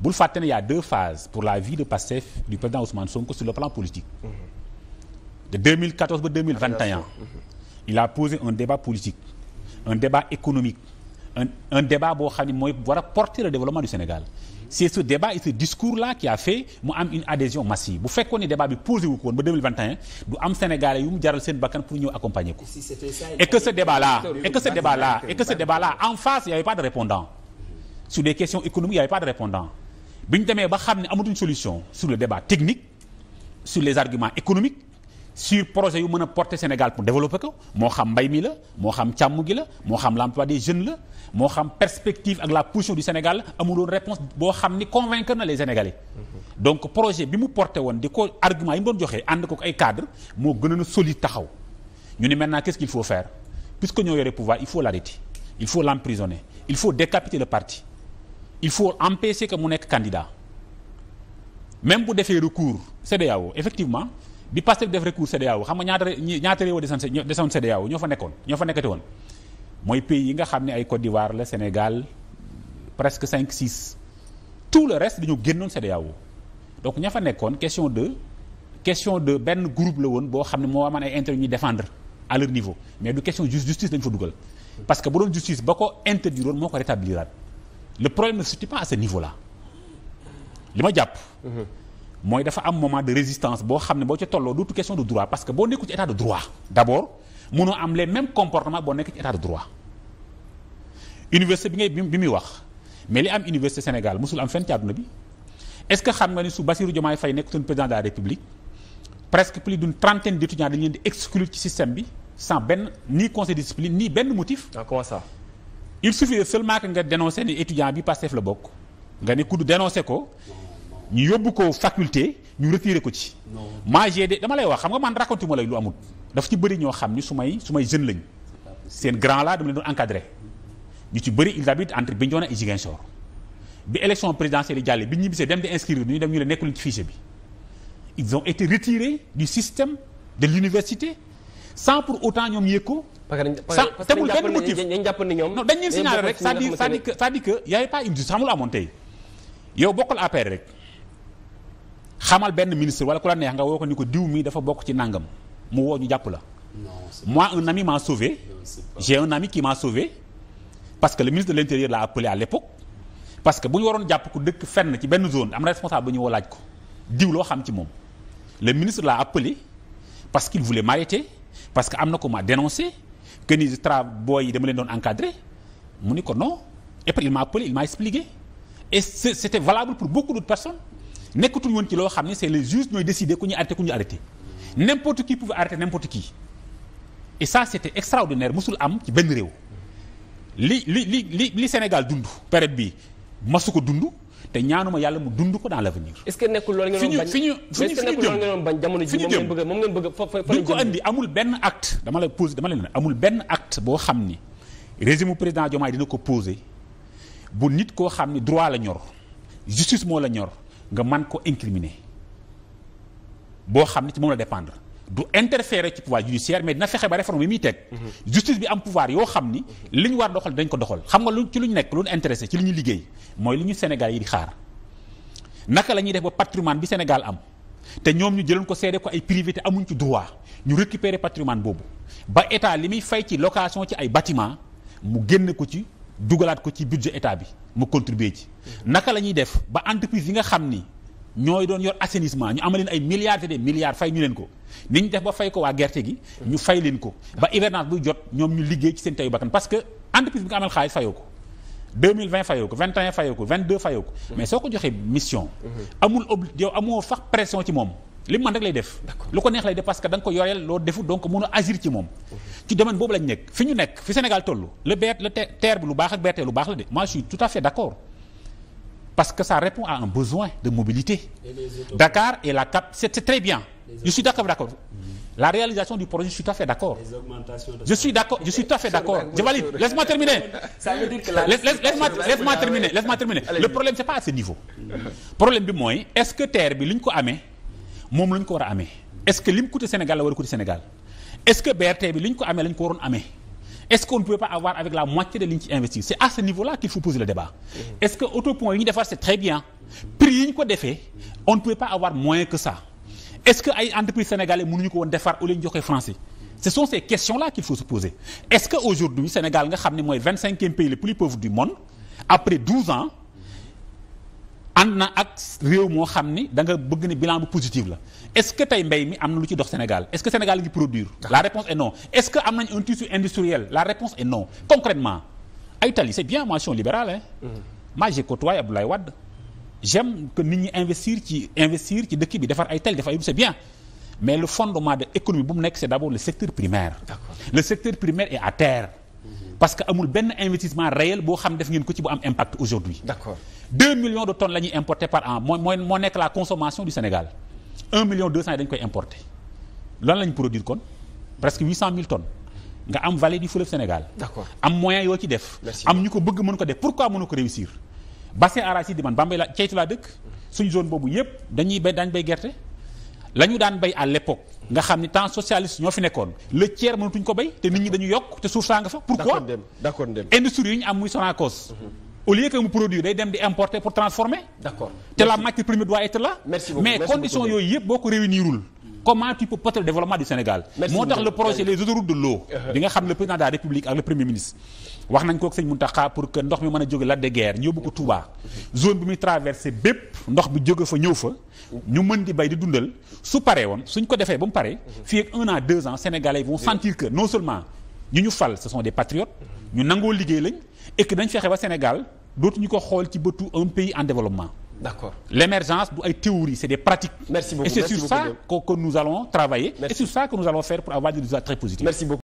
bul fàtte ne y' a deux phases pour la vie de Pastef du président Ousmane Sonko sur le plan politique. Mm-hmm. de 2014 ba 2021. Mm-hmm. il a posé un débat politique un débat économique un débat boo xam ne mooy war a porter le développement du Sénégal. Mm-hmm. c' est ce débat et ce discours là qui a fait mu am une adhésion massive bu fekkoon ni débat bi posé wu ko woon du am Sénégalais yu mu jaral seen bakkan pour ñëw accompagner ko. et et que ce débat là en face y' avait pas de répondant sur des questions économiques y' avait bi ñu demee ba xam ne amatuñ solution sur le débat technique sur les arguments économiques sur projet yu mën a porter Sénégal pour développer ko moo xam mbay mi la moo xam càmm gi la moo xam l'emploi des jeunes la moo xam perspective ak la position du Sénégal amuloon réponse boo xam ni convaincre na les Sénégalais mm-hmm. donc projet bi mu porté woon di ko argument yi mu doon joxee ànd ko ay cadre moo gën a solide taxaw ñu ni maintenant qu'est-ce qu'il fa faire puisque ñoo yore pouvoir il faut l'arrêter il faut l'emprisonner il faut le parti il faut empêcher que mu nekk candidat même bu defee recours CEDEAO effectivement bi Pastef def recours CEDEAO xam nga ñaata ñaata réew a desoon desoon CEDEAO ñoo fa nekkoon ñoo fa nekkati woon mooy pays yi nga xam ne ay Côte d'Ivoire la Sénégal presque cinq six tout le reste dañu génnoon CEDEAO donc ña fa nekkoon question de question de benn groupe la woon boo xam ne moo amoon ay intérêt ñuy défendre à leur niveau mais du question justice parce que bu doon justice ba ko interdire moo ko rétabliraat le problème ne se situe pas à ce niveau là li ma jàpp. mooy dafa am moment de résistance boo xam ne boo ca tolloo dootu question de droit parce que boo nekku ci état de droit d' abord munoo am les mêmes nekk ci état de droit université bi ngay bi muy wax mais li am université Sénégal mosul am fenn ci àdduna bi est ce que xam nga ni su Bassirou Diomaye fay nekkutoon président de la République presque plus d' trentaine d' étudiants dañu leen ci système bi sans benn ni conseil de discipline ni benn motif. ah comment il suffit seulement que nga dénoncé ni étudiant bi Pastef la bokk nga ne ku dénoncé ko ñu yóbbu ko faculté ñu retiré ko ci. ma j'ai dama lay wax xam nga man raconte ma lay lu amul daf ci bëri ñoo xam ni su may su may jeune lañ seen grand la dama leen doon encadré ñu ci bëri ils habitent entre Bignona et Ziguinchor bi élection présidentielle yi jàllee bi ñu ñibbisee dem di inscrire ñu dem ñu leen nekkul ci fichier bi ils ont été retirés du système de l'université sans pour autant ñoom yëg ko. sans tegul benn motif dañ jàpp ni ñoom rek c'est-à-dire c'est-à-dire que c'est-à-dire que y pas une justice xamul amoon tey yow bokk APR rek xamal benn ministre wala ku la neex nga woo ko ni ko diw mii dafa bokk ci nangam mu woo ñu jàpp la. moi un ami m'a sauvé. j'ai un ami qui m'a sauvé parce que le ministre de l'intérieur l'a appelé à l'époque parce que bu ñu waroon jàpp ko dëkk fenn ci benn zone am na responsable bu ñu woo laaj ko diw loo xam ci moom le ministre l'a appelé parce qu'il voulait parce que am na ko ma dénoncé que ni tra yi dama leen doon encadré mu ni ko non et puis il m'a appelé il m'a expliqué et c'était valable pour beaucoup d'autres personnes nekkatul woon ci loo xam ne c'est les juges ñooy décider ku ñu arrêté ku ñu arrêté n'importe qui pouvait arrêter n'importe qui et ça c'était extraordinaire mosul am ci benn réew li li li li li Sénégal dund période bi masu ko dund te ñaanuma yàlla mu dund ko dans l'avenir est-ce que nekkul loolu ngeen doon bañ fi ñu fi ñu fi ñu jëm fi ñu jëm moom ngeen bëgg fa fa duñ ko andi amul benn acte dama la pose dama leen amul benn acte boo xam ni régime président Diomaye dina ko posé bu nit koo xam ni droit la ñor justice moo la ñor nga man ko incriminer boo xam ni ci moom la dépendre du interférer ci pouvoir judiciaire mais dina fexe ba réforme bi muy teg. justice bi am pouvoir yoo xam ni. li ñu war doxal dañ ko doxal xam nga lu ci lu ñu nekk lu ñu intéressé ci li ñu liggéey mooy lu ñu Sénégal yi di xaar naka la ñuy def ba patrimoine bi Sénégal am te ñoom ñu jëloon ko seede ko ay privé te amuñ ci droit ñu récupérer patrimoine boobu ba état li muy fay ci location ci ay batiment mu génn ko ci dugalaat ko ci budget état bi mu contribuer ci. naka la ñuy def ba entreprise yi nga xam ni. ñooy doon yor assainissement ñu amaleen ay milliards et des milliards fay ñu leen ko ni ñu def ba fay ko waa gerte gi ñu fay leen ko ba hivernage buy jot ñoom ñu liggéey ci seen teyu bakkan parce que entreprise bi nga amal xaalis fayoo ko 2020 fayoo ko 21 fayoo ko 22 fayoo ko mais soo ko joxee mission amul obli yow amoo sax pression ci moom li mu man rek lay def lu ko neex lay def parce que da ko yoreel loo defu donc mun a agir fi ñu nekk fi Sénégal toll le BRT le TER lu baax ak BRT lu baax la de moi parce que ça répond à un besoin de mobilité. Dakar est la cap c'est très bien. Je suis d'accord d'accord. Mm-hmm. La réalisation du projet, je suis tout à fait d'accord. Je suis d'accord, à terminer. Ça veut dire terminer, Le problème c'est pas à ce niveau. Mm-hmm. Problème bi mooy est-ce que terre bi lu ñu ko amee moom la ñu ko war Est-ce que li mu Sénégal la war a Sénégal. Est-ce que BRT bi li ñu ko amee la ñu ko waroon est-ce qu'on ne pouvait pas avoir avec la moitié de li ñu ci investir c'est à ce niveau-là qu'il faut poser le débat mmh. est-ce que autopont yi ñu defar c'est très bien prix yi ñu ko defee on ne pouvait pas avoir moins que ça est-ce que ay entreprises sénégalaises mënuñu ko woon defar au lieu ñu joxe français ce sont ces questions-là qu'il faut se poser est-ce que aujourd'hui Sénégal nga xam ne mooy vingt-cinquième pays le plus pauvre du monde ànd na ak réew moo xam ni da nga bëgg ni bilan bu positif la est-ce que tey mbay mi am na lu ci dox Sénégal est-ce que Sénégal ngi produire ah. la réponse est non est-ce que am nañ un tissu industriel la réponse est non concrètement ay tali c'est bien moi je suis libéral hein mm-hmm. moi j'ai côtoyé Abdoulaye que nit ñi investir ci investir ci dëkk bi defar ay tali defar ay c'est bien mais le fondement de l'économie bu mu nekk c'est d'abord le secteur primaire le secteur mm-hmm. benn investissement réel boo xam def ngeen ci bu am impact aujourd'hui d'accord deux millions de tonnes la ñuy importé par an mooy mooy moo nekk la consommation du Sénégal un million deux cent yi dañ koy importé lan la ñu kon presque huit cent mille ton nga am vallée du fleuve Sénégal. d'accord am moyen yoo ci def. am ñu ko bëgg mën ko def pourquoi mënu ko réussir. bassin arachide man Bambey la ceytu laa dëkk suñ zone boobu yépp dañuy bay daañ bay gerte la ñu daan bay à l'époque nga xam ni temps socialiste ñoo fi nekkoon le tiers mënatuñ ko bay te nit ñi dañu yokk te suuf saa nga fa pourquoi d'accord industrie yi ñu am muy Sonacos mhm. au lieu que mu produire day dem di importer pour transformer. d'accord te la matière première doit être là. merci beaucoup mais conditions yooyu yëpp boo ko réunirul. comment tu peux porter le développement du Sénégal. moo tax le projet les autoroutes de l'eau uh-huh. bi nga xam la premier ministre. wax nañ ko ak sëñ Mountakha pour que ndox mi mën a jóge Lac de Guiers yóbbu ko Touba zone bi muy traversé bépp ndox bi jóge fa ñëw fa ñu mën di bay di dundal su pare woon suñ ko defee ba mu pare uh-huh. fii ak un an deux ans sénégalais vont sentir que non seulement ñu ñu fal ce sont ñu nangoo liggéey lañ et que dañ Sénégal dootuñu ko xool ci bëtu un pays en développement. d'accord l'émergence du ay théories c'est des pratiques. et c'est sur ça que nous allons travailler. et sur ça que nous allons faire pour avoir des résultats très positifs.